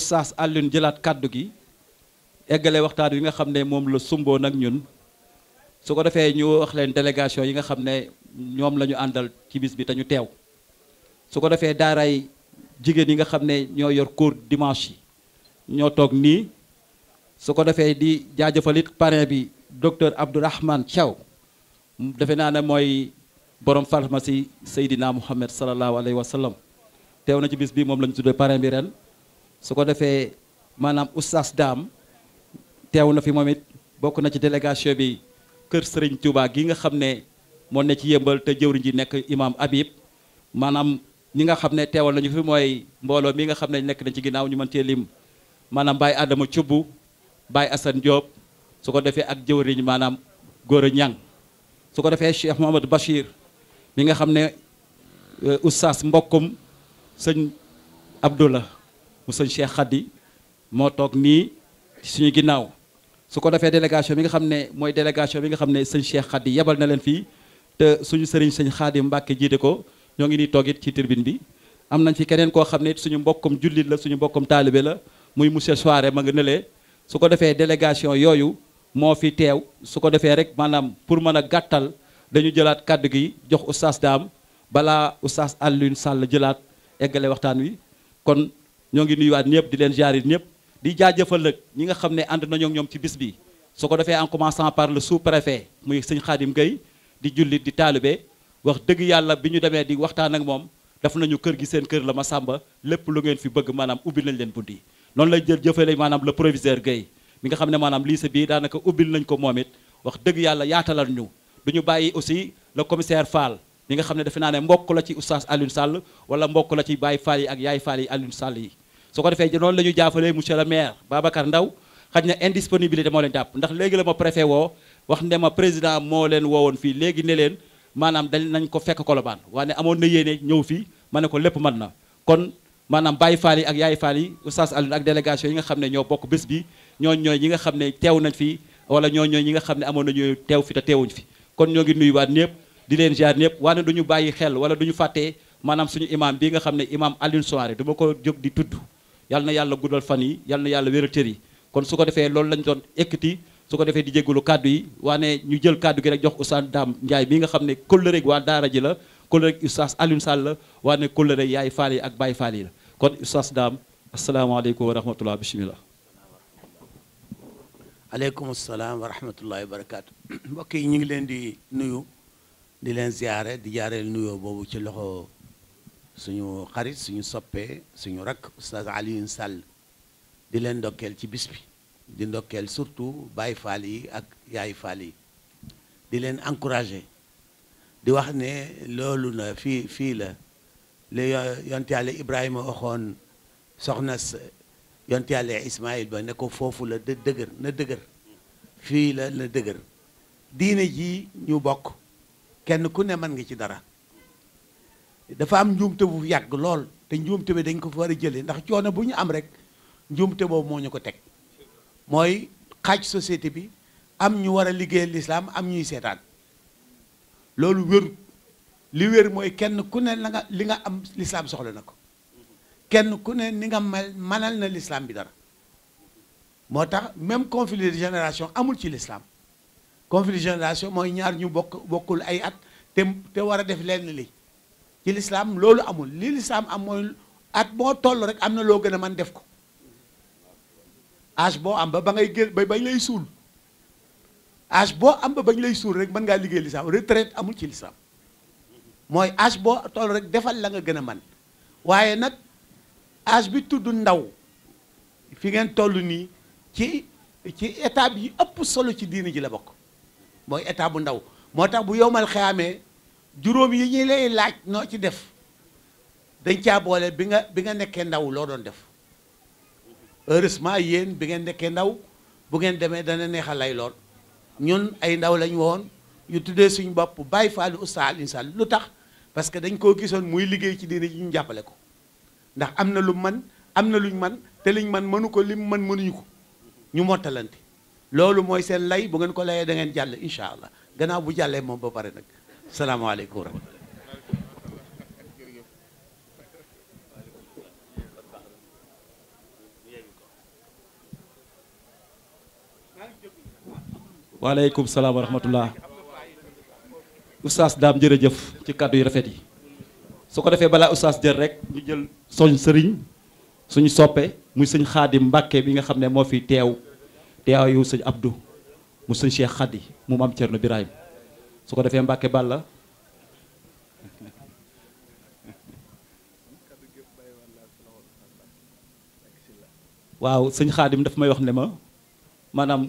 oustaz àllin jëlaat kàddu gi eggale waxtaan wi nga xam ne moom la sumboo nag ñun su ko defee ñu wax leen délégation yi nga xam ne ñoom lañu àndal ci bis bi te ñu teew su ko defee daaray jigéen yi nga xam ne ñoo yor cours dimanche yi ñoo toog nii su ko defee di jaajëfalit parrain bi docteur Abdourahmane Thiaw defe naa ne mooy borom pharmacie Seydina Mouhamed sallallahu alayhi wa sallam teew na ci bis bi moom la ñu tuddee parrain bi ren su ko defee maanaam oustaz daam teew na fi moom it bokk na ci délégation bi kër sëriñ Touba gi nga xam ne moo ne ci yëmbal te jëwriñ ji nekk imam Habib maanaam ñi nga xam ne teewal na ñu fi mooy mbooloo mi nga xam ne nekk na ci ginnaaw ñu mën cee lim maanaam Baye Adama Thioub baay Assane Diop su ko defee ak jëwriñ maanaam góor a Niang su ko defee Cheikh Mouhamadou Bachir mi nga xam ne euh, oustaz mbokkum sëñ Abdou mu sëñ Cheikh Khady moo toog nii suñu ginnaaw su ko defee délégation bi nga xam ne mooy délégation bi nga xam ne sëñ Cheikh Khady yebal na leen fii te suñu sëriñ sëñ Khadim Mbacke jiite ko ñoo ngi nii toog ci tribune bi am nañ fi keneen koo xam ne suñu mbokkum jullit la suñu mbokkum taalibe la muy monsieur Soare ma nga nële su ko defee délégation yooyu moo fi teew su ko defee rek maanaam pour mën a gàttal dañu jëlaat kàddu gi jox oustaz daam balaa oustaz Alioune Sall jëlaat eggale waxtaan wi ñoo ngi nuyuwaat ñëpp di leen jaarit ñëpp di jaajëfal nag ñi nga xam ne ànd nañoo ñoom ci bis bi su ko defee en commençant par le sous-préfet muy sëñ Khadim Gueye di jullit di taalibe wax dëgg yàlla bi ñu demee di waxtaan ak moom daf nañu kër gi seen kër la ma sàmba lépp lu ngeen fi bëgg maanaam ubbil nañ leen bunti noonu lay jël jëfale maanaam le proviseur Gueye mi nga xam ne maanaam lycée bi daanaka ubbil nañ ko moom it wax dëgg yàlla yaatalal ñu du ñu bàyyi aussi le commissaire Fall mi nga xam ne defe naa ne mbokk la ci oustaz Alioune Sall wala mbokk la ci Baye Fall yi ak Yaay Fall yi Alioune Sall yi su ko defee noonu la ñu jaafalee monsieur le maire Babacar Ndaw xaj na indisponibilité moo leen jàpp ndax léegi la ma préfet woo wax ne ma président moo leen woowoon fii léegi ne leen maanaam dañ nañ ko fekk Colobane waane amoon na yéene ñëw fii ma ne ko lépp man na kon maanaam bàyyi Fall yi ak Yaay Fall yi Oustaz Alioune ak délégation yi nga xam ne ñoo bokk bés bi ñooñ ñooy ñi nga xam ne teew nañ fi wala ñoo ñooy ñi nga xam ne amoon nañu teew fi te teewuñ fi kon ñoo ngi nuyu waat di leen jaar ñëpp waane duñu bàyyi xel wala duñu fàttee maanaam suñu imam bi nga xam ne imam Alioune Souaré du ko jóg di tudd yal na yàlla guddal fan yi yal na yàlla wéral yi kon su ko defee loolu lañ doon ekkati su ko defee di jégalu kàddu yi waane ñu jël kàddu gi rek jox Oustaz Dame Ndiaye mi nga xam ne kóllëreeg waa daara ji la kóllëreeg Oustaz Alioune Sall la waane kóllëreeg yaay faal yi ak baay faal yi la kon Oustaz Dame asalaamaaleykum wa rahmatullah bisimilah aleykum salaam wa rahmatullahi mbokk yi ñu ngi leen di nuyu di leen ziare di jaareel nuyoo boobu ci loxo suñu xarit suñu soppee suñu rakk oustaz Alioune Sall di leen ndokkeel ci bis di ndokkeel surtout Baye Fall yi ak Yaay Fall yi di leen encouragé di wax ne loolu na fii fii la li yonte yàlla Ibrahima waxoon soxna yonte yàlla Ismaïl ba ne ko foofu la dëgër na dëgër fii la la dëgër diine ji ñu bokk kenn ku ne mën ngi ci dara dafa am njuumte bu yàgg lool te njuumte bi dañ ko fa war a jëlee ndax coono bu ñu am rek njuumte boobu moo ñu ko teg mooy xaaj société bi am ñu war a liggéey lislaam am ñuy seetaan loolu wér li wér mooy kenn ku ne la nga li nga am lislaam soxla na ko kenn ku ne ni nga mel manal na lislaam bi dara moo tax même conflit de génération amul ci lislaam conflit de génération mooy ñaar ñu bokk bokkul ay at te war a def lenn li ci lislaam loolu amul li lislaam am mooy at boo toll rek am na loo gën a man def ko âge boo am ba ba ngay gën ba bañ lay suul âge boo am ba bañ lay suul rek mën ngaa liggéey lislaam retraite amul ci lislaam mooy as boo toll rek defal la nga gën a man waaye nag âge bi tudd ndaw fi ngeen toll nii ci ci étape yi ëpp solo ci diini ji la bokk mooy étape bu ndaw moo tax bu yowmal xeyaamee juróom yi ñu lay laaj noo ci def dañ caa boole bi nga bi nga nekkee ndaw loo doon def heureusement yéen bi ngeen nekkee ndaw bu ngeen demee dana neexal lay lool ñun ay ndaw lañ woon yu tuddee suñu bopp bàyyi faalu ustaal insaan lu tax parce que dañ koo gisoon muy liggéey ci diine ji ñu jàppale ko ndax am na lu man am na luñ man te liñ man mënu ko lim man mënuñu ko ñu mottalante loolu mooy seen lay bu ngeen ko layee da ngeen jàll incha allah gannaaw bu jàllee moom ba pare nag salaamaaleykum wa rahmatulah. waaleykum salaam wa rahmatulah. oustaz jërëjëf ci kàddu yu rafet yi. su ko defee balaa oustaz jël rek ñu jël soñ sëriñ suñu soppee muy sëñ xaadi mbàkke bi nga xam ne moo fi teew teew sëñ abdu mu sëñ cheikh xaddi mu am cerno birahim su ko defee Mbàkke Balla waaw sëñ xaadim daf may wax ne ma maanaam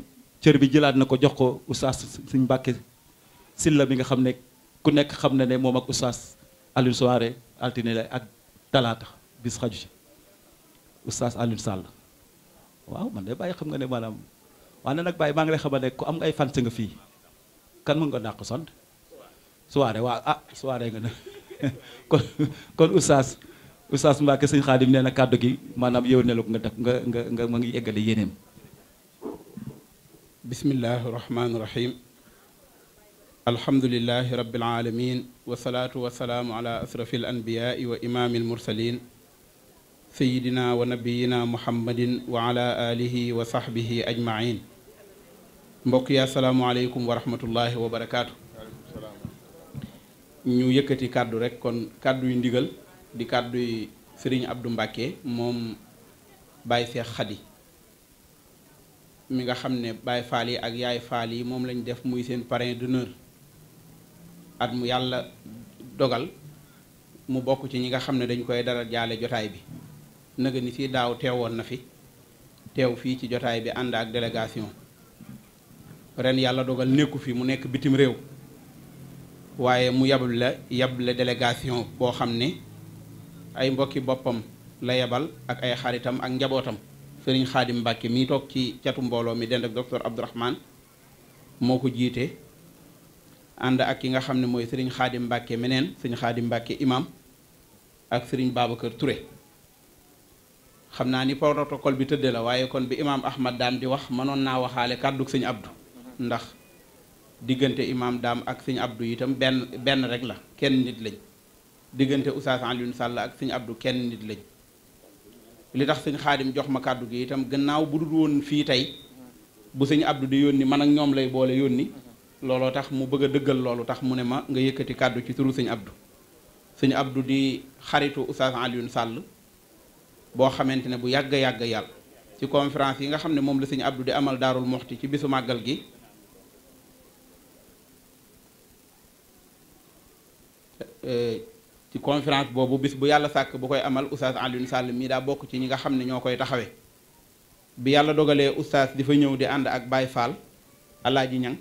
cër bi jëlaat na ko jox ko oustaz suñ Mbàkke Sylla bi nga xam ne ku nekk xam na ne moom ak oustaz Alioune Souaré altine la ak talaata bis xaju ci oustaz Alioune Sall waaw man de bàyyi xam nga ne maanaam waaye nag bàyyi maa ngi lay xamal ne ku am ay fans nga fii kan mën nga dàq sant soirée waaw ah soirée nga ne kon kon oustaz oustaz Mbacke sëñ Xaadim nee na kàddu gi maanaam yow ne la nga def nga nga nga ma ngi eggale yéeneem bismillahi rahmaani rahim alhamdulilahi rabbil alamin wasalaatu wasalaamu ala asrafi al anbiyaai wa imaami al mursalin sayidina wa nabiyina muhammadin wa ala alihi wa sahbihi ajmain mbokk yi asalaamualeykum wa rahmatullahi wa barakaatu. ñu yëkkati kàddu rek kon kàddu yu ndigal di kàddu sëriñ abdu Abdou moom Baye Seex Xadi mi nga xam ne Baye Faal yi ak Yaay Faal yi moom lañ def muy seen parrain d'honneur at mu yàlla dogal mu bokk ci ñi nga xam ne dañ koy dara jaale jotaay bi naga si daaw teewoon na fi teew fii ci jotaay bi ànd ak délégation. ren yàlla dogal nekku fi mu nekk bitim réew waaye mu yabal la yable délégation boo xam ne ay mbokki boppam la yebal ak ay xaritam ak njabootam sëriñ xaadim mbàkke mi toog ci catu mbooloo mi dend ak docteur abdourahman moo ko jiite ànd ak ki nga xam ne mooy sëriñ xaadim mbàkke meneen sëriñ xaadim mbàkke imaam ak sëriñ babacar Touré xam naa ni protocole bi tëdde la waaye kon bi imam ahmad daam di wax mënoon naa waxaale kàddug sëñ abdu ndax diggante imaam daam ak suñ abdu itam benn benn rek la kenn nit lañ diggante Oustaz Alioune Sall ak sëñ Abdou kenn nit lañ li tax sëñ xaadim jox ma kàddu gi itam gannaaw bu dul woon fii tey bu sëñ abdu di yónni man ak ñoom lay boole yónni looloo tax mu bëgg a dëggal loolu tax mu ne ma nga yëkkati kàddu ci turu sëñ Abdou sëñ Abdou di xaritu Oustaz Alioune sàll boo xamante ne bu yàgg yàgg yàlla ci conférence yi nga xam ne moom la sëñ Abdou di amal daarul moxti ci bisu màggal gi Euh, ci conférence boobu bis bu yàlla sàkk bu koy amal oustaz Alioune Sall mii daa bokk ci ñi nga xam ne ñoo koy taxawee bi yàlla dogalee oustaz di fa ñëw di ànd ak Baye Fall alaaji ñang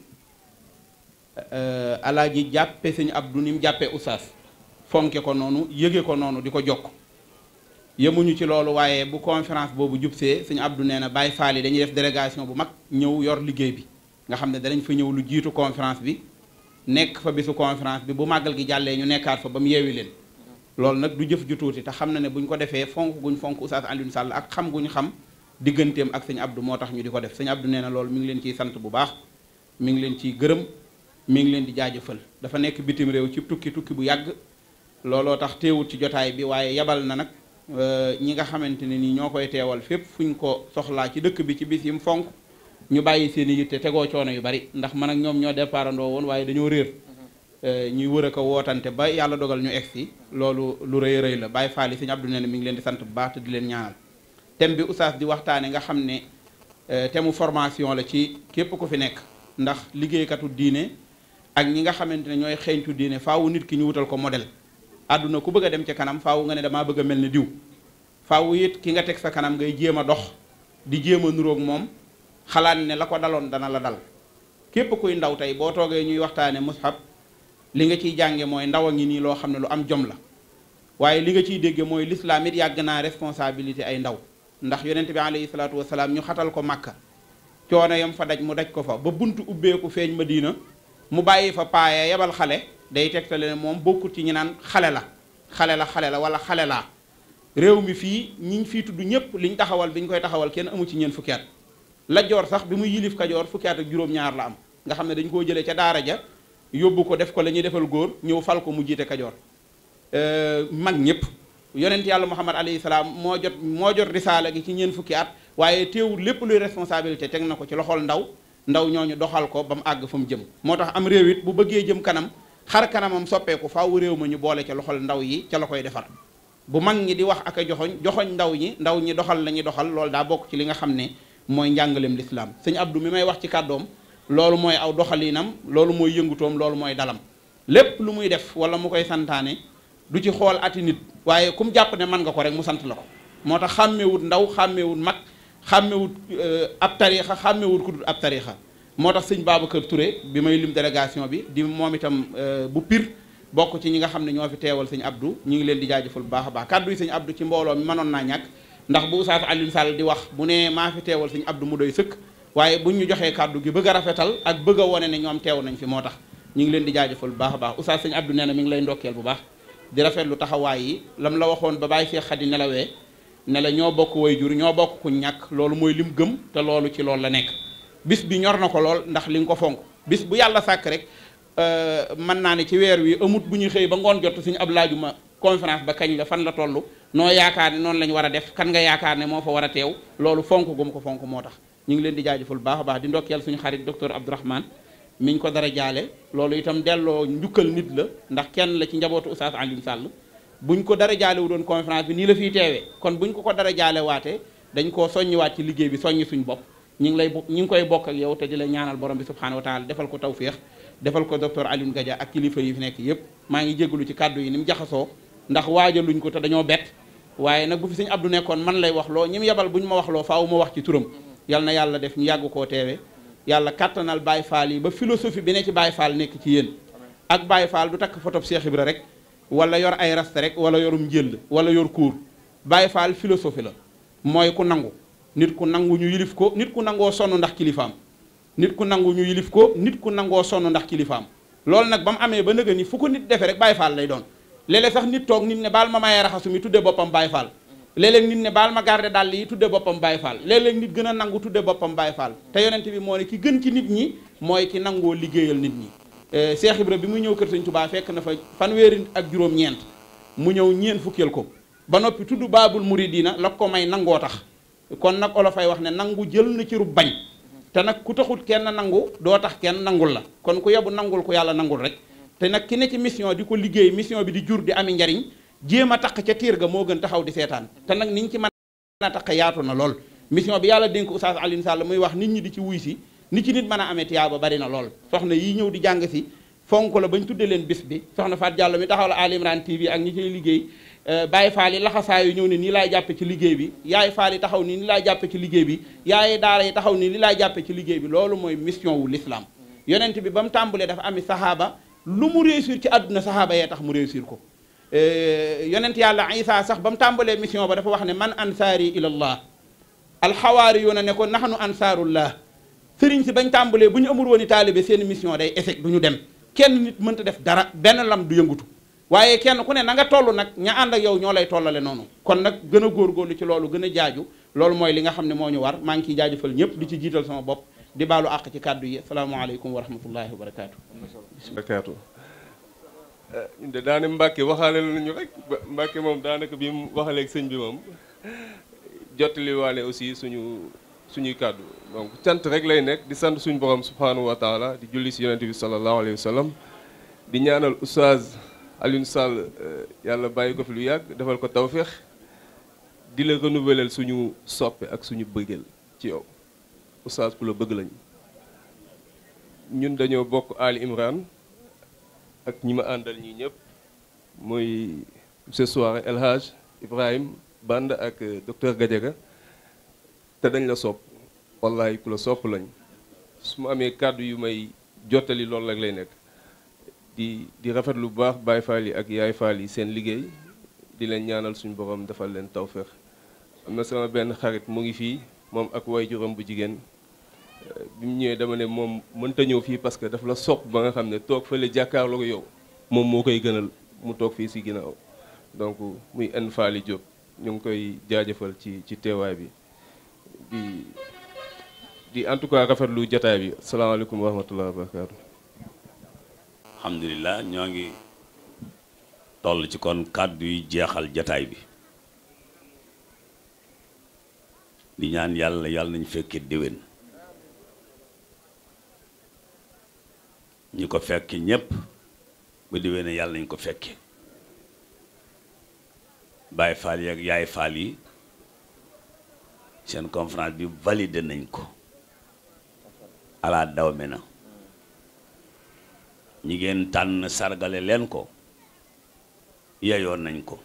euh, alaaji jàppe sëñ Abdou ni mu jàppee oustaz fonke ko noonu yëge ko noonu di ko jokk yemuñu ci loolu waaye bu conférence boobu jubsee sëñ Abdou nee na Baye Fall yi dañuy def délégation bu mag ñëw yor liggéey bi nga xam ne danañ fa ñëw lu jiitu conférence bi nekk fa bisu conférence bi bu màggal gi jàllee ñu nekkaat fa ba mu yeewi leen loolu nag du jëf ju tuuti te xam na ne buñ ko defee fonk guñ fonk Oustaz Alioune Sall ak xam guñ xam digganteem ak sëñ Abdou moo tax ñu di ko def sañ Abdou nee na lool mu ngi leen ciy sant bu baax mi ngi leen ciy gërëm mi ngi leen di jaajëfal dafa nekk bitim réew ci tukki tukki bu yàgg looloo tax teewul ci jotaay bi waaye yabal na nag euh, ñi nga xamante ne ni ñoo koy teewal fépp fuñ ko soxlaa ci dëkk bi ci bis yi mu fonk ñu bàyyi seen i te tegoo coono yu bari ndax man ak ñoom ñoo départandoo woon waaye dañoo réer eh, ñuy wër ko wootante ba yàlla dogal ñu egsi loolu lu rëy rëy la bàyyi Fall yi Sëñ Abdou ne mi ngi leen di sant bu baax te di leen ñaanal thème bi oustaz di waxtaane nga xam ne eh, thème mu formation la ci képp ku fi nekk ndax liggéeykatu diine ak ñi nga xamante ne ñooy xeeñcu diine faawu nit ki ñu wutal ko modèle àdduna ku bëgg a dem ci kanam faawu nga ne damaa bëgg a mel ne diw faawu it ki nga teg sa ngay jéem a dox di jéem a nuroog moom xalaat ne la ko daloon dana la dal képp kuy ndaw tey boo toogee ñuy waxtaane mushab li nga ciy jànge mooy ndaw a ngi nii loo xam ne lu am jom la waaye li nga ciy dégge mooy lislaam it yàgg naa responsabilité ay ndaw ndax yonent bi alayhi salaatu wasalaam ñu xatal ko màkka coono yam fa daj mu daj ko fa ba buntu ubbeeku feeñ ma diina mu bàyyi fa paaya yebal xale day tegtale ne moom bokkut ci ñi naan xale la xale la xale la wala xale laa réew mi fii ñiñ fii tudd ñëpp liñ taxawal biñ koy taxawal kenn amu ci ñeent fukki Latjoor sax bi muy yilif Kajoor fukki at ak juróom-ñaar la am nga xam ne dañ koo jëlee ca daara ja yóbbu ko def ko la ñuy defal góor ñëw fal ko mu jiite Kajoor euh, mag ñëpp yonent yàlla Muhammad alayhi salaam moo jot moo jot risaala gi ci ñeen fukki at waaye teewul lépp luy responsabilité teg na ko ci loxol ndaw ndaw ñooñu doxal ko ba mu àgg fa mu jëm moo tax am réew it bu bëggee jëm kanam xar kanamam soppeeku faaw réew ma ñu boole ca loxol ndaw yi ca la koy defar bu mag ñi di wax ak a joxoñ ndaw ñi ndaw ñi doxal la ñuy doxal loolu daa bokk ci li nga xam ne mooy njàngaleem lislaam sëñ Abdou mi may wax ci kàddoom loolu mooy aw doxaliinam loolu mooy yëngutoom loolu mooy dalam lépp lu muy def wala mu koy santaane du ci xool ati nit waaye kum jàpp ne man nga ko rek mu sant la ko moo tax xàmmewut ndaw xàmmewut mag xàmmewut euh, ab tariixa xàmmewut ku dul ab tariixa moo tax sëñ kër Touré bi may lim délégation bi di moom itam euh, bu pir bokk ci ñi nga xam ne ñoo fi teewal sëñ Abdou ñu ngi leen di jaajëfal baax a baax kàddu yi sëñ Abdou ci mbooloo mënoon naa ndax bu Oustaz Alioune Sall di wax bu ne maa fi teewal suñu Abdou mu doy sëkk waaye buñ ñu joxee kàddu gi bëgg a rafetal ak bëgg a wone ne ñoom teew nañ fi moo tax ñu ngi leen di jaajëfal bu baax a baax Oustaz sëñ Abdou nee mi ngi lay ndokkeel bu baax di lu taxawaay yi lam la waxoon ba bàyyi Cheikh Khady nelawee ne la ñoo bokk way jur ñoo bokk ku ñàkk loolu mooy lim gëm te loolu ci loolu la nekk bis bi ñor na ko lool ndax li nga ko fonk bis bu yàlla sàkk rek euh, mën naa ne ci weer wi amut bu ñuy xëy ba ngoon jot suñu ab laajuma conférence ba kañ la fan la toll noo yaakaar ne noonu la ñu war a def kan nga yaakaar ne moo fa war a teew loolu fonk gu mu ko fonk moo tax ñu ngi leen di jaajëfal baax a baax di ndokkeel suñu xarit docteur Abdourahmane mi ñu ko dara jaale loolu itam delloo njukkal nit la ndax kenn la ci njabootu Oustaz Alioune Sall buñ ko dara jaale wu doon conférence bi nii la fiy teewee kon buñ ko ko dara jaale waatee dañ koo soññiwaat ci liggéey bi soññi suñ bopp ñu ngi lay ñu ngi koy bokk ak yow te di la ñaanal borom bi subhanahu wa taala defal ko tawféex defal ko docteur Alioune Gadia ak kilifa yi fi nekk yépp maa ngi jégalu ci kàddu yi ni mu jaxasoo ndax waajaluñ ko te dañoo bett waaye nag bu fi sëñ Abdou nekkoon man lay wax loo ñi mu yebal bu ñu ma wax loo faaw ma wax ci turam yal na yàlla def ñu yàgg koo teewe yàlla kàttanal Baye faal yi ba philosophie bi ne ci Baye Fall nekk ci yéen ak Baye faal du takk photob Cheikh Ibra rek wala yor ay rasta rek wala yorum njël wala yor kuur Baye Fall philosophie la mooy ku nangu nit ku nangu ñu yilif ko nit ku nangoo sonn ndax kilifaam nit ku nangu ñu yilif ko nit ku nangoo sonn ndax kilifaam loolu nag ba mu amee ba nëgë ni fu nit defee rek Baye Fall lay doon léeg sax nit toog nit ne baal ma mayee raxasu mi tudde boppam Baay Faal léeg nit ne baal ma garde dàll yi tudde boppam Baay Faal léeg-léeg nit gën a nangu tudde boppam Baay Faal te yonent bi moo ne ki gën ci nit ñi mooy ki nangoo liggéeyal nit ñi Cheikh Ibra bi mu ñëw kër Sëñ Tuubaa fekk na fa fanweeri ak juróom-ñeent mu ñëw ñeent fukkeel ko ba noppi tudd baabul muridina la ko may nangoo tax kon nag olofay wax ne nangu jël na ci rub bañ te nag ku taxut kenn nangu doo tax kenn nangul la kon ku yebu nangul ku yàlla nangul rek te nag ki ne ci mission di ko liggéey mission bi di jur di ami njariñ jéem a taq ca tiir ga moo gën taxaw di seetaan te nag niñ ci mën a taq yaatu na lool mission bi yàlla dénk Oustaz Alioune Sall muy wax nit ñi di ci wuy si ni a bari na lool soxna yi ñëw di jàng si fonk la bañ tudde leen bis bi soxna Faat Jàllo mi taxaw la Ali Imran TV ak ñi ciy liggéey euh, Baay Faal yi laxasaayu ñëw ne nii laay jàppe ci liggéey bi yaay Faal yi taxaw ni ni laay jàppe ci liggéey bi yaay daara yi ni li laay jàppe ci liggéey bi loolu mooy mission wu l'islam yonent bi ba tàmbulee dafa ami sahaaba lu mu réussir ci àdduna saxaaba yee tax mu réussir ko eh, yonent yàlla isa sax ba mu tàmbalee mission ba dafa wax ne man ansaari ilallah alxawaari yoona ne ko naxnu ansaarullah sëriñ si bañ tàmbalee bu ñu amul woon i taalibe seen mission day échec du ñu dem kenn nit mënta def dara benn lam du yëngutu waaye kenn ku ne na nga toll nag ña ànd ak yow ñoo lay tollale noonu kon nag gën a góorgóorlu ci loolu gën a jaaju loolu mooy li nga xam ne moo ñu war maa ngi ciy ñëpp di ci jiital sama bopp di baalu àq ci kàddu yi asalaamaaleykum wa rahmatullahi wa barakaatu. barakaatu eh, ñun de daane Mbacke waxaale lu ñu rek Mbacke moom daanaka bi mu waxaleeg sëñ bi moom jottali waale aussi suñu suñuy kàddu donc cant rek lay nekk di sant suñu borom subhanahu wa taala di julli si yonente bi sallallahu alayhi wa di ñaanal oustaz Alioune Sall eh, yàlla bàyyi ko fi lu yàgg defal ko tawféex di la renouveler suñu soppe ak suñu bëggeel ci yow. oustaz ku la bëgg lañ ñun dañoo bokk Ali Imran ak ñi ma àndal ñi ñëpp muy ce soir Ibrahim Band ak euh, docteur Gadiaga te dañ la sopp wallaay ku la sopp lañ su ma amee kàddu yu may jottali loolu rek lay nekk di di rafet lu baax baay Fall yi ak Yaay Fall yi seen liggéey di leen ñaanal suñu borom defal leen tawféex am na sama benn xarit mu ngi fii moom ak way waajuram bu jigéen bi mu ñëwee dama ne moom mënta ñëw fii parce que daf la sopp ba nga xam ne toog fële jàkkaarloog yow moom moo koy gënal mu toog fii si gën a aw donc muy en faali Diop ñu ngi koy jaajëfal ci ci teewaay bi di di en tout cas rafetlu jataay bi salaamaaleykum wa rahmatulah wa barakaatu. ñoo ngi toll ci kon kàddu yi jeexal jataay bi. di ñaan yàlla yàlla nañu fekkee déwén. ñi ko fekk ñépp ba diwee yàlla nañ ko fekke Baay Faal yi ak Yaay Faal yi seen conférence bi validé nañ ko alaa daw na ñi ngeen tànn sargale leen ko yeyoon nañ ko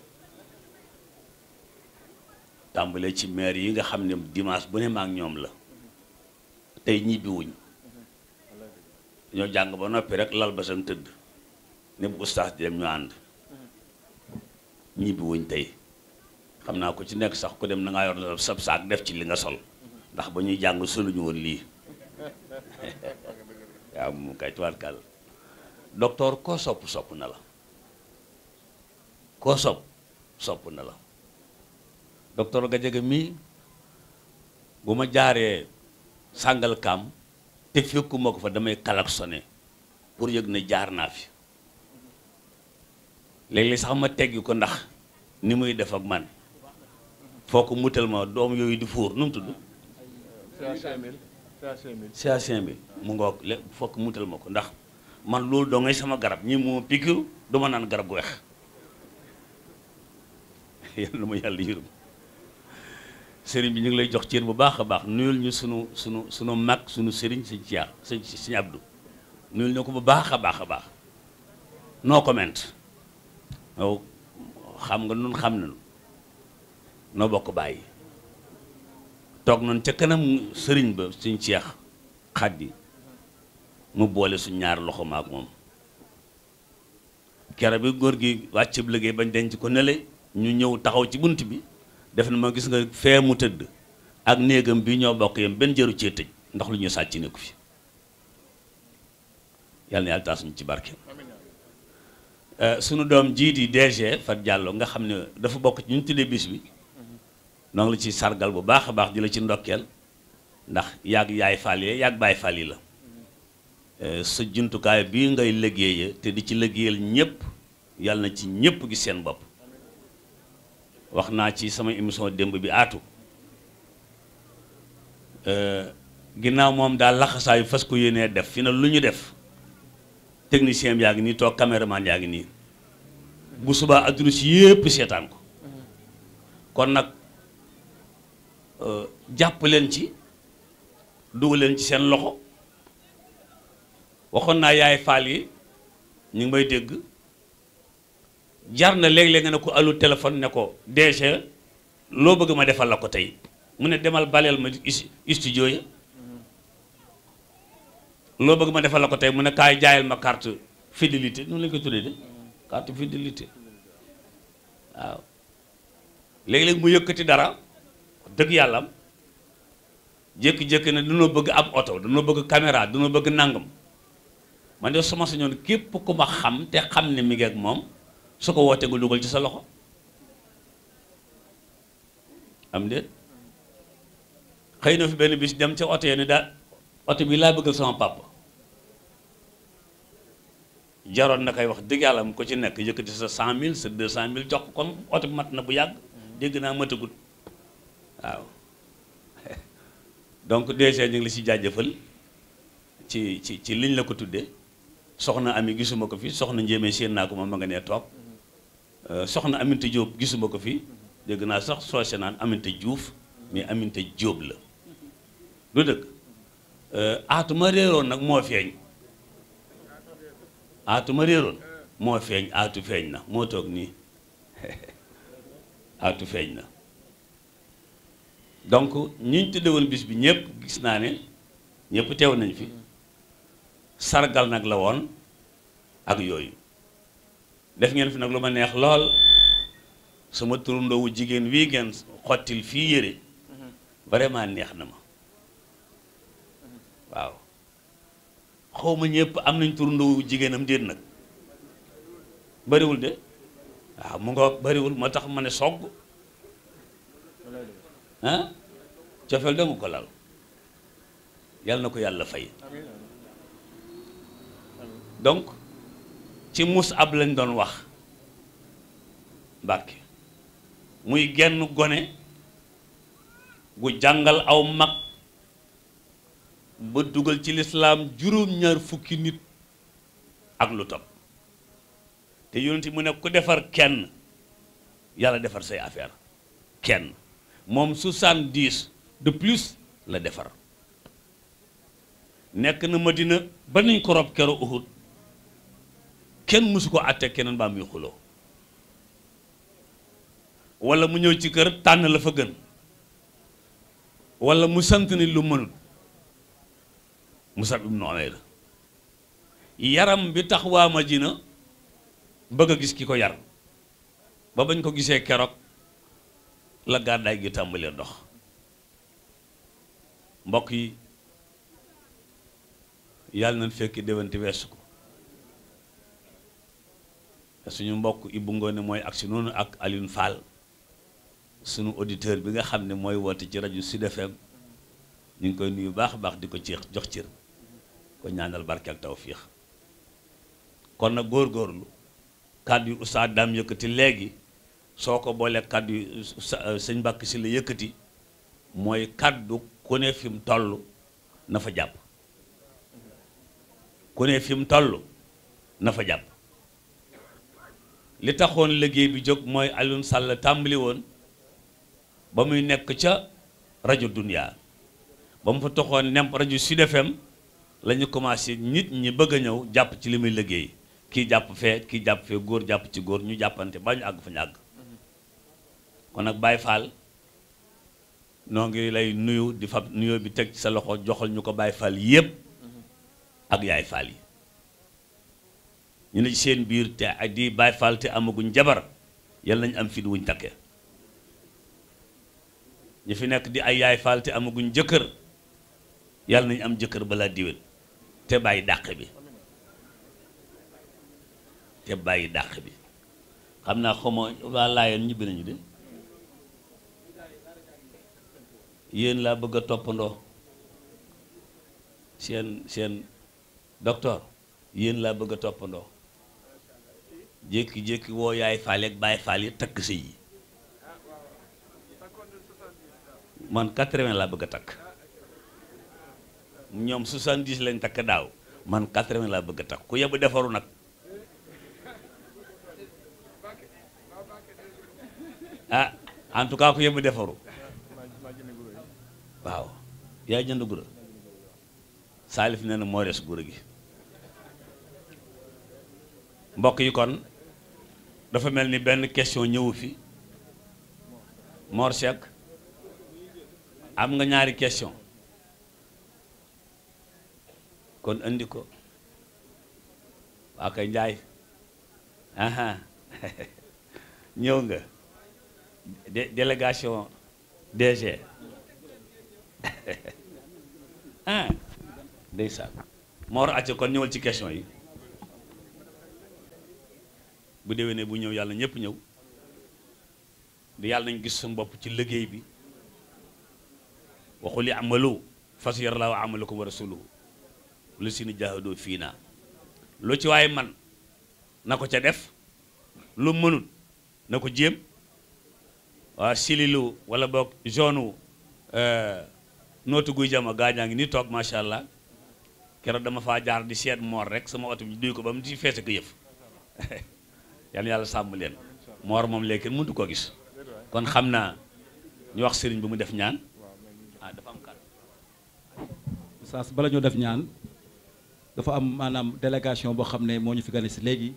tàmbale ci maire yi nga xam ne dimanche bu ne maak ñoom la tey ñibbiwuñ ñoo jàng ba noppi rek lal ba sam tëdd ne bu ustaas di dem ñu ànd ñibbi wuñ tey xam naa ko ci nekk sax ko dem na ngaa yor sab saak def ci li nga sol ndax ba ñuy jàng soluñu woon lii waaw moom kay koo sopp sopp na la koo sopp sopp na la docteur Gadiaga mii bu ma jaaree sàngal kaam te fekkuma ko fa damay klaxonné pour yëg ne jaar naa fi léeg-léeg sax ma teggi ko ndax ni muy def ak man foo ko mutal ma doom yooyu di fóor nu mu tudd. CA 5000 mu ngoog le fokk mutal ma ko ndax man loolu doo sama garab ñi moo pikiru duma naan garab gu weex yàlla na ma yàlla yërëm sëriñ bi ñu ngi lay jox cër bu baax a baax nuyul ñu sunu sunu sunu mag sunu sëriñ sëñ Ceex sëñ sëñ Abdou nuyul ñu ko bu baax a baax a baax noo comment yow xam nga nun xam nañu noo bokk bàyyi toog nañ ca kanam sëriñ ba sëñ Ceex Xaddi mu boole su ñaar loxo maak moom kere bi góor gi wàcc liggéey bañ denc ko nele ñu ñëw taxaw ci bunt bi def na ma gis nga fee mu tëdd ak néegam bi ñoo bokk yam benn jëru cee tëj ndax lu ñu sàcc ne ko fi yàlla na yàlla taas ci barkeem euh, sunu doom jii di DG Fat jàlloo nga xam ne dafa bokk ci ñu tuddee bis bi noonu la ci sargal bu baax a baax di la ci ndokkeel ndax yàgg yaay faal yi yàgg baay faal yi la euh, sa jumtukaay bi ngay liggéeyee te di ci liggéeyal ñëpp yàlla na ci ñëpp gis seen bopp wax naa ci sama émission démb bi aatu euh, ginnaaw moom daal laxasaayu fas ko yéenee def fi na lu ñu def technicien yaa ngi nii toog caméraman yaa ngi nii bu subaa adduna si yépp seetaan ko kon nag euh, jàpp leen ci dugg leen ci seen loxo waxoon naa yaay faal yi ñu ngi may dégg jar na léeg-léeg nga ne ko alu téléphone ne ko DG loo bëgg ma defal la ko tey mu ne demal baleel ma studio ya loo bëgg ma defal la ko tey mu ne kaay ma carte fidélité noonu lañ ko tuddee de carte fidélité waaw léeg-léeg mu yëkkati dara dëgg yàlla jékki-jékki ne dañoo bëgg ab oto dañoo bëgg du dañoo bëgg nangam man de sama sañoon képp ku ma xam te xam ne mi ngi moom. su ko wootee nga ci sa loxo am déet xëy na fi benn bis dem ca oto yenn daal oto bii laa bëggal sama papa jaroon na kay wax dëgg yàlla mu ko ci nekk yëkkati sa cent mille sa deux cent mille jox ko kon oto bi mat na bu yàgg dégg naa matagut waaw donc déjà ñu ngi la ci jaajëfal ci ci ci liñ la ko tuddee soxna ami gisuma ko fii soxna njéemee seen naa ko moom ma nga nee toog Euh, soxna Aminta Diop gisuma ko fi dégg naa sax soose naan Aminta juuf mais aminte Diop la du dëgg euh, aatuma réeroon nag moo feeñ aatuma réeroon moo feeñ aatu feeñ na moo toog nii aatu feeñ na donc ñi ñu tudde bis bi ñëpp gis naa ne ñépp teew nañ fi sargal nag la woon ak yooyu def ngeen fi nag lu ma neex lool sama turundoowu jigéen wii ngeen xottil fii yére vraiment neex na ma waaw xaw ma ñëpp am nañ turundoowu jigéenam déet nag bariwul de waaw mu nga bariwul moo tax ma ne sogg ah cofeel danga ko lal yàlla na ko yàlla fay ci ab lañ doon wax Mbàkke muy genn gone gu jàngal aw mag ba dugal ci lislaam juróom-ñaar fukki nit ak lu topp te yonent mu ne ku defar kenn yàlla defar say affaire kenn moom soixante-dix de plus la defar nekk na Madina ba niñ ko rob kero Uhud kenn mësu ko àtte keneen baa muy xuloo wala mu ñëw ci kër tànn la fa gën wala mu sant ni lu mënut Musab ibnu la yaram bi tax waa Madina bëgg a gis ki ko yar ba bañ ko gisee keroog la gàddaay gi tàmbalee ndox mbokk yi yàlla nañ fekki déwante weesu ko suñu mbokk Ibou Ngoné mooy ak si noonu ak Alioune Fall suñu auditeur bi nga xam ne mooy woote ci rajo Sud FM ñu ngi koy nuyu baax a baax di ko ci jox cër ko ñaanal barke ak tawfiix kon na góorgóorlu kàddu yu Oustaz yëkkati léegi soo ko boolee kàddu yu euh, sëñ Mbàkke si la yëkkati mooy kàddu ku ne fi mu toll na fa jàpp ku ne fi mu toll na fa jàpp li taxoon liggéey bi jóg mooy Alioune Sall tàmbali woon ba muy nekk ca rajo Dunia ba mu fa toxoon nemp rajo Sud FM la commencé nit ñi bëgg a ñëw jàpp ci li muy liggéey kii jàpp fee kii jàpp fee góor jàpp ci góor ñu jàppante ba ñu àgg fa ñu kon nag Baye Fall noo ngi lay nuyu di fab nuyoo bi teg ci sa loxo joxal ñu ko Baye Fall yépp ak Yaay Fall yi ñu ne ci seen biir te di baay faal te amaguñ jabar yàlla nañ am fit wuñ takke ñu fi nekk di ay yaay faal te amaguñ jëkkër yàlla nañ am jëkkër balaa diwén te bàyyi dàq bi bàyyi dàq bi xam naa xaw ma waa laayoon ñibbi nañu de yéen laa bëgg a toppandoo seen seen docteur yéen laa bëgg a toppandoo jékki-jékki woo yaay faale ak baay faale takk sëy yi man 80 laa bëgg a takk ñoom 70 lañ takk daaw man 80 laa bëgg a takk ku yebu defaru nag ah en tout cas ku yebu defaru waaw yaa jënd gura Salif nee na moo res gura gi mbokk yi kon dafa mel ni benn question ñëwu fi Mor Seck am nga ñaari question kon indi ko waa kay njaay ñëw nga délégation DG ah ndeysaan Mor acca kon ñëwal ci question yi bu déwénee bu ñëw yàlla ñëpp ñëw di yàlla nañu gis suñu bopp ci liggéey bi waxuli amalu fas yaralaahu war a rasuluhu lu si ni jaahadoo fii naa lu ci waaye man na ko ca def lu mënut na ko jéem waa sililu wala boog zone euh, nootu guy jama gaañaa ngi ni toog macha allah keroog dama faa jaar di seet moor rek sama oto bi duy ko ba mu di fees ak yëf yal na yàlla sàmm leen moor moom léegi kenn mënut koo gis kon xam naa ñu wax sëriñ bi mu def ñaan ah dafa am bala ñu def ñaan dafa am maanaam délégation boo xam ne moo ñu fi gane si léegi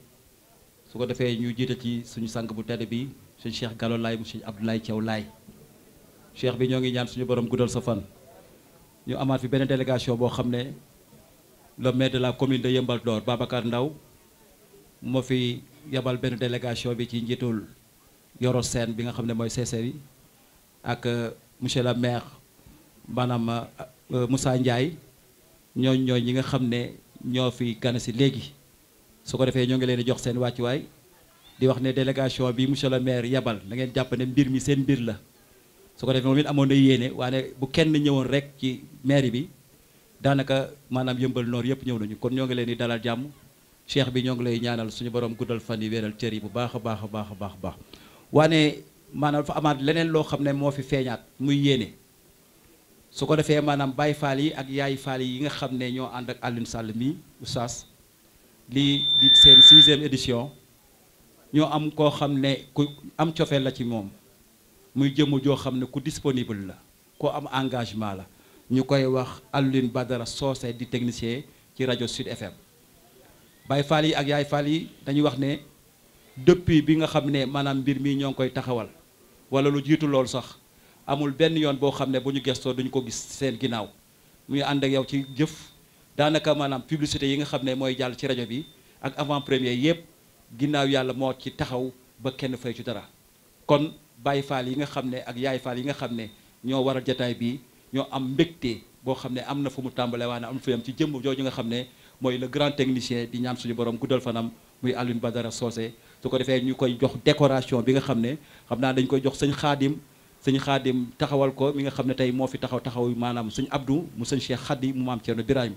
su ko defee ñu jiite ci suñu sànq bu tedd bi suñu Cheikh Gallo Laye mu suñu Abdoulaye Thiaw laay cheikh bi ñoo ngi ñaan suñu borom guddal sa fan ñu amaat fi benn délégation boo xam ne le maire de la commune de Yeumbeul Nord Babacar Ndaw moo fi yabal benn délégation bi ci njiitul Yoro Sène bi nga xam ne mooy CCR ak euh, monsieur la maire maanaam euh, Moussa Ndiaye ñooñ ñooñ ñi nga xam ne ñoo fi gan si léegi su ko defee ñoo ngi leen di jox seen wàccuwaay di wax ne délégation bi monsieur le maire yabal da ngeen jàpp mbir mi seen mbir la su ko defee moom it amoon na yéene waaye bu kenn ñëwoon rek ci maire bi daanaka maanaam yëmbal noor yëpp ñëw nañu kon ñoo ngi leen di dalal jàmm cheikh bi ñoo ngi lay ñaanal suñu borom guddal fan yi wéeral cër yi bu baax a baax baax baax baax waane maanaam dafa amaat leneen loo xam ne moo fi feeñaat muy yéene su ko defee maanaam baay faal yi ak yaay faal yi nga xam ne ñoo ànd ak Alioune Sall mi oustaz lii di seen sixième édition ñoo am koo xam ne ku am cofeel la ci moom muy jëmm joo xam ne ku disponible la koo am engagement la ñu koy wax Alioune Badara Socé di technicien ci rajo Sud FM Baay Faal yi ak Yaay Faal yi dañuy wax ne depuis bi nga xam ne maanaam mbir mii ñoo ngi koy taxawal wala lu jiitu lool sax amul benn yoon boo xam ne bu ñu gestoo duñu ko gis seen ginnaaw muy ànd ak yow ci jëf daanaka maanaam publicité yi nga xam ne mooy jàll ci rajo bi ak avant première yëpp ginnaaw yàlla moo ci taxaw ba kenn fay dara kon Baay Faal yi nga xam ne ak Yaay Faal yi nga xam ne ñoo waral jataay bi ñoo am mbégte boo xam ne am na fu mu tàmbale waa ne am na fu yam ci jëmm jooju nga xam ne mooy le grand technicien bi ñaan suñu borom guddal fanam muy Alioune Badara Socé su ko defee ñu koy jox décoration bi nga xam ne xam naa dañ koy jox sëñ xaadim sëñ xaadim taxawal ko mi nga xam ne tey moo fi taxaw taxaw maanaam sëñ Abdou mu sëñ Cheikh Khady mu maam Thierno Birahim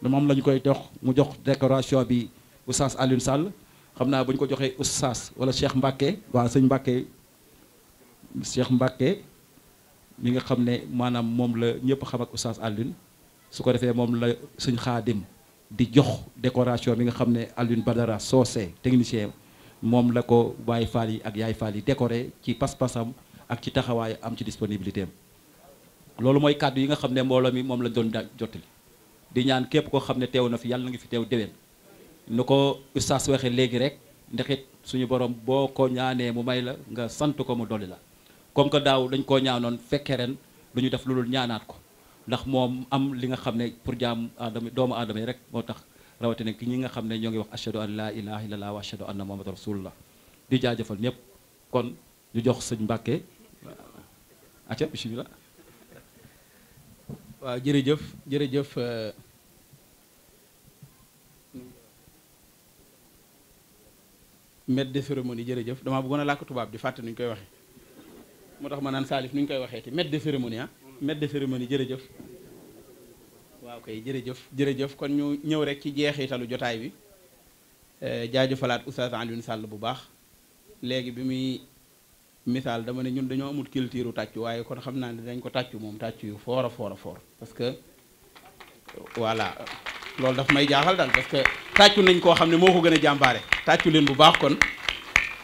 moom la ñu koy jox mu jox décoration bi Oustaz Alioune Sall xam naa bu ñu ko joxee Oustaz wala Cheikh Mbacke waa sëñ Mbacke Cheikh mi nga xam ne maanaam moom la ñëpp xam ak Oustaz su ko defee moom la sëñ xaadim di jox décoration bi nga xam ne Alioune Badara Socé technicien moom la ko Baye Fall yi ak Yaay Fall yi décoré ci pas-pasam ak ci taxawaay am ci disponibilité loolu mooy kàddu yi nga xam ne mbooloo mi moom la doon da jottali di ñaan képp ko xam ne teew na fi yàlla na ngi fi teew déwén nu ko ustaas waxee léegi rek ndexit suñu borom boo ko ñaanee mu may la nga sant ko mu dolli la comme que daaw dañ koo ñaanoon fekkee ren du ñu def lu dul ñaanaat ko ndax moom am li nga xam ne pour jaam aadama doomu adama yi rek moo tax rawatina ki ñi nga xam ne ñoo ngi wax ashadu an laa ilaha illallah wa ashadu anna muhammad rasulullah di jaajëfal ñëpp kon ñu jox sëñ Mbàkke aca bismillah waaw jërëjëf jërëjëf euh, maître de cérémonie jërëjëf damaa bëggoon a làkk tubaab di fàtte nu ñu koy waxee moo tax ma naan Salif nu ñu koy waxee ti maître de cérémonie ah maître de cérémonie jërëjëf waaw kay jërëjëf jërëjëf kon ñu ñëw rek ci jeexitalu jotaay bi eh, jaajëfalaat Oustaz Alioune Sall bu baax léegi bi muy misaal dama ne ñun dañoo amul culture u tàccu waaye kon xam naa ni dañ ko tàccu moom tàccu yu foor a foor a foor parce que voilà loolu daf may jaaxal daal parce tàccu nañ koo xam ne moo ko gën a jàmbaare tàccu leen bu baax kon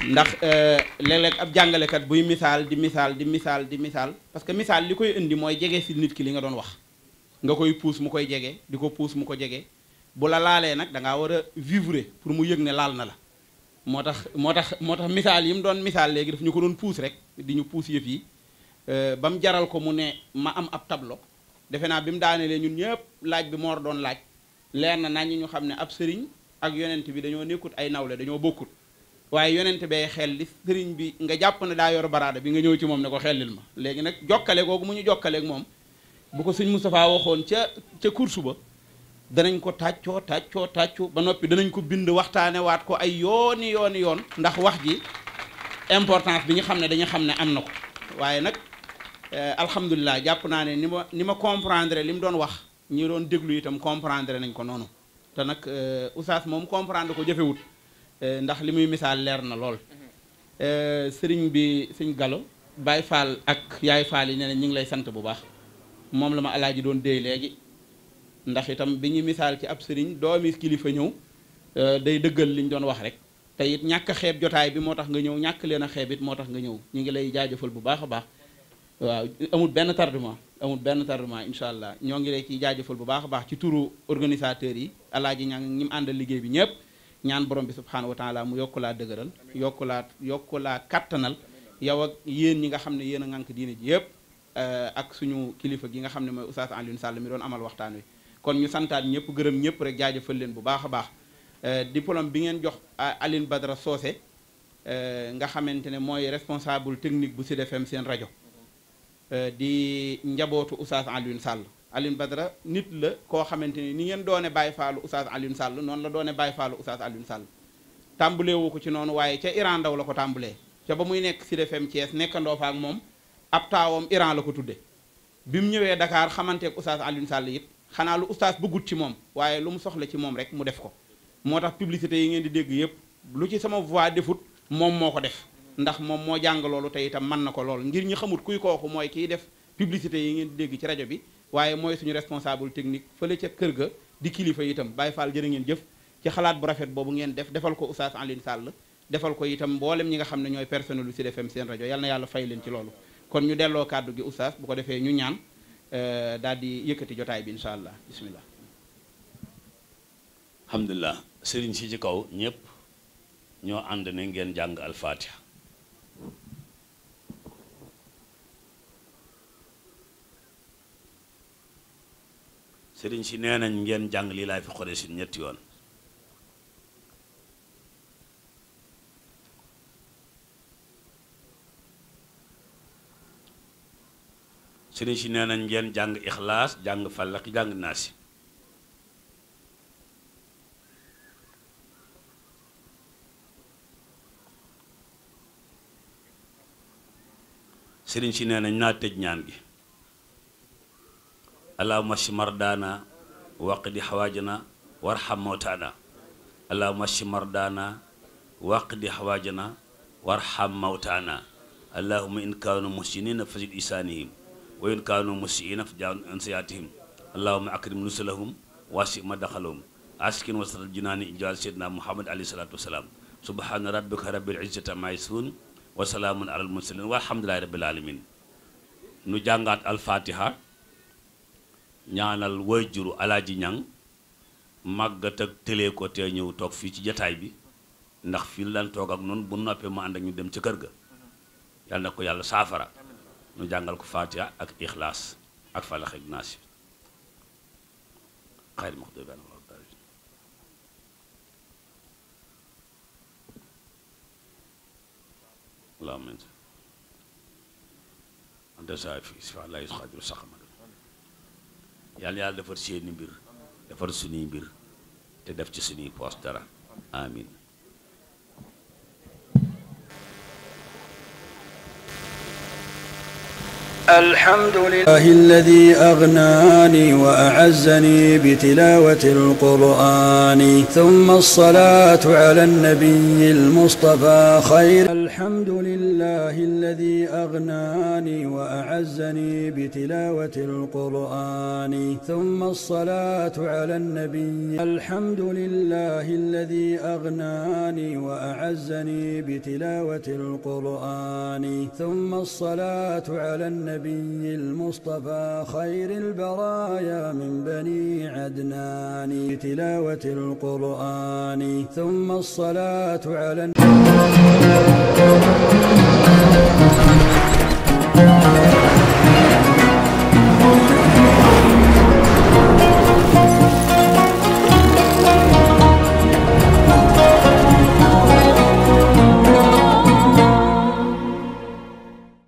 ndax euh, léeg-léeg ab jàngalekat buy misaal di misaal di misaal di misaal parce que misaal li koy indi mooy jege si nit ki li nga doon wax nga koy puus mu koy jege di ko puus mu ko jege bu la laalee nag da war a vivre pour mu yëg ne laal na la moo tax moo tax moo tax misaal yi mu doon misaal léegi daf ñu ko doon puus rek di ñu puus yëf yi euh, ba mu jaral ko mu ne ma am ab tablo defe naa bi mu daanelee ñun ñëpp laaj bi moor doon laaj leer na nañ ñu xam ne ab sëriñ ak yonent bi dañoo nekkut ay nawle dañoo bokkut waaye yonent bee xel li sëriñ bi nga jàpp ne daa yor baraada bi nga ñëw ci moom ne ko xellil ma léegi nag jokkale googu mu ñu jokkaleeg moom bu ko suñ Moustapha waxoon ca ca kursu ba danañ ko tàccoo tàccoo tàccu ba noppi danañ ko bind waxtaane waat ko ay yooni yooni yoon ndax wax ji importance bi ñu xam ne dañu xam ne am na ko waaye nag eh, alhamdulilah jàpp naa ne ni ma ni ma comprendre li mu doon wax ñi doon déglu itam comprendre nañ ko noonu te nag eh, oustaz moom comprendre ko jafewut Eh, ndax li muy misaal leer na lool eh, sëriñ bi sëñ galo Baye Fall ak Yaay Fall yi ne ñu ngi lay sant bu baax moom la ma alaaji doon déy léegi ndax itam bi ñu misaal ci ab sëriñ doomi kilifa ñëw eh, day dëggal liñ doon wax rek tey it ñàkk xeeb jotaay bi moo tax nga ñëw ñàkk leen a xeeb it moo tax nga ñëw ñu ngi lay jaajëfal bu baax a baax waaw amul benn tardement amul benn tardement incha allah ñoo ngi lay ciy jaajëfal bu baax a baax ci turu organisateur yi alaaji ña ngi mu àndal liggéey bi ñëpp ñaan borom bi subhaanahu wa taala mu yokku laa dëgëral yokku laa yokku laa kattanal yow ak yéen ñi nga xam ne yéen a ŋànk diine ji yëpp eh, ak suñu kilifa gi nga xam ne mooy Oustaz Alioune Sall mi doon amal waxtaan wi kon ñu santaat ñëpp gërëm ñëpp rek jaajëfal leen bu baax a baax eh, diplôme bi ngeen jox aline Badara Socé eh, nga xamante ne mooy responsable technique bu Sud FM seen rajo di njabootu Oustaz Alioune Sall Alioune Badara nit la koo xamante ni ni ngeen doone bàyyi faalu Oustaz alin Sall noonu la doone bàyyi faalu Oustaz Alioune Sall tàmbulee wu ko ci noonu waaye ca Iran daw la ko tàmbulee ca ba muy nekk Sud FM Thiès nekkandoo fa ak moom ab taawam Iran la ko tudde bi mu ñëwee Dakar xamanteek Oustaz alin Sall it xanaa lu Oustaz bëggut ci moom waaye lu mu soxla ci moom rek mu def ko moo tax publicité yi ngeen di dégg yëpp lu ci sama voix defut moom moo ko def ndax moom moo jàng te itam mën na ko lool ngir ñu xamut kuy kooku mooy kiy def publicité yi ngeen di dégg ci rajo bi waaye mooy suñu responsable technique fële ca kër ga di kilifa itam Baye Fall jërë ngeen jëf ci xalaat bu rafet boobu ngeen def defal ko Oustaz Alioune Sall defal ko itam mboolem ñi nga xam ne ñooy personnel lu Sud FM seen rajo yal na yàlla fay leen ci loolu kon ñu delloo kàddu gi Oustaz bu ko defee ñu ñaan euh, daal di yëkkati jotaay bi incha allah bismillah alhamdulilah sëriñ si ci kaw ñëpp ñoo ànd ne ngeen jàng alfatiha sëriñ si nee nañ ngeen jàng lii fi xore si ñetti yoon sëriñ si nee nañ ngeen jàng ixlaas jàng naar si sëriñ si nee nañ naa tëj ñaan gi allahumma shfi mardaana waqdi xawaajana warham mawtaana allahumma shfi mardaana waqdi xawaajana warham mawtaana allahumma in kaanu musinina fazid isaanihim wa in kaanu musiina fajal an sayaatihim allahumma akrim nusulahum wasi madaxalahum askin wasratal junaani jaal seydna muhammad alayhi salaatu wasalaam subhaana rabbika rabbil izzati amma yasifuun wa salaamun alal mursaliin walhamdulillahi rabbil aalamiin nu jàngaat alfaatiha ñaanal waajuru alaaji ñang màggat ak tëlee ko te ñëw toog fii ci jataay bi ndax fii la daan toog ak noonu bu noppee mu ànd ak ñu dem ci kër ga yal na ko yàlla saafara ñu jàngal ko faatiha ak ixlaas ak falax ak naas xayri maxdubi allahumma anta saafi si fa laa yuxaadiru saxma yàlla yàlla defar seeni mbir defar suñuy mbir te def ci suñuy poos dara amin الحمد لله الذي أغناني وأعزني بتلاوة القرآن ثم الصلاة على النبي المصطفى خير الحمد لله الذي أغناني وأعزني بتلاوة القرآن ثم الصلاة على النبي الحمد لله الذي أغناني وأعزني بتلاوة القرآن ثم الصلاة على النبي المصطفى خير البرايا من بني عدنان بتلاوة القرآن ثم الصلاة على النبي Thank you.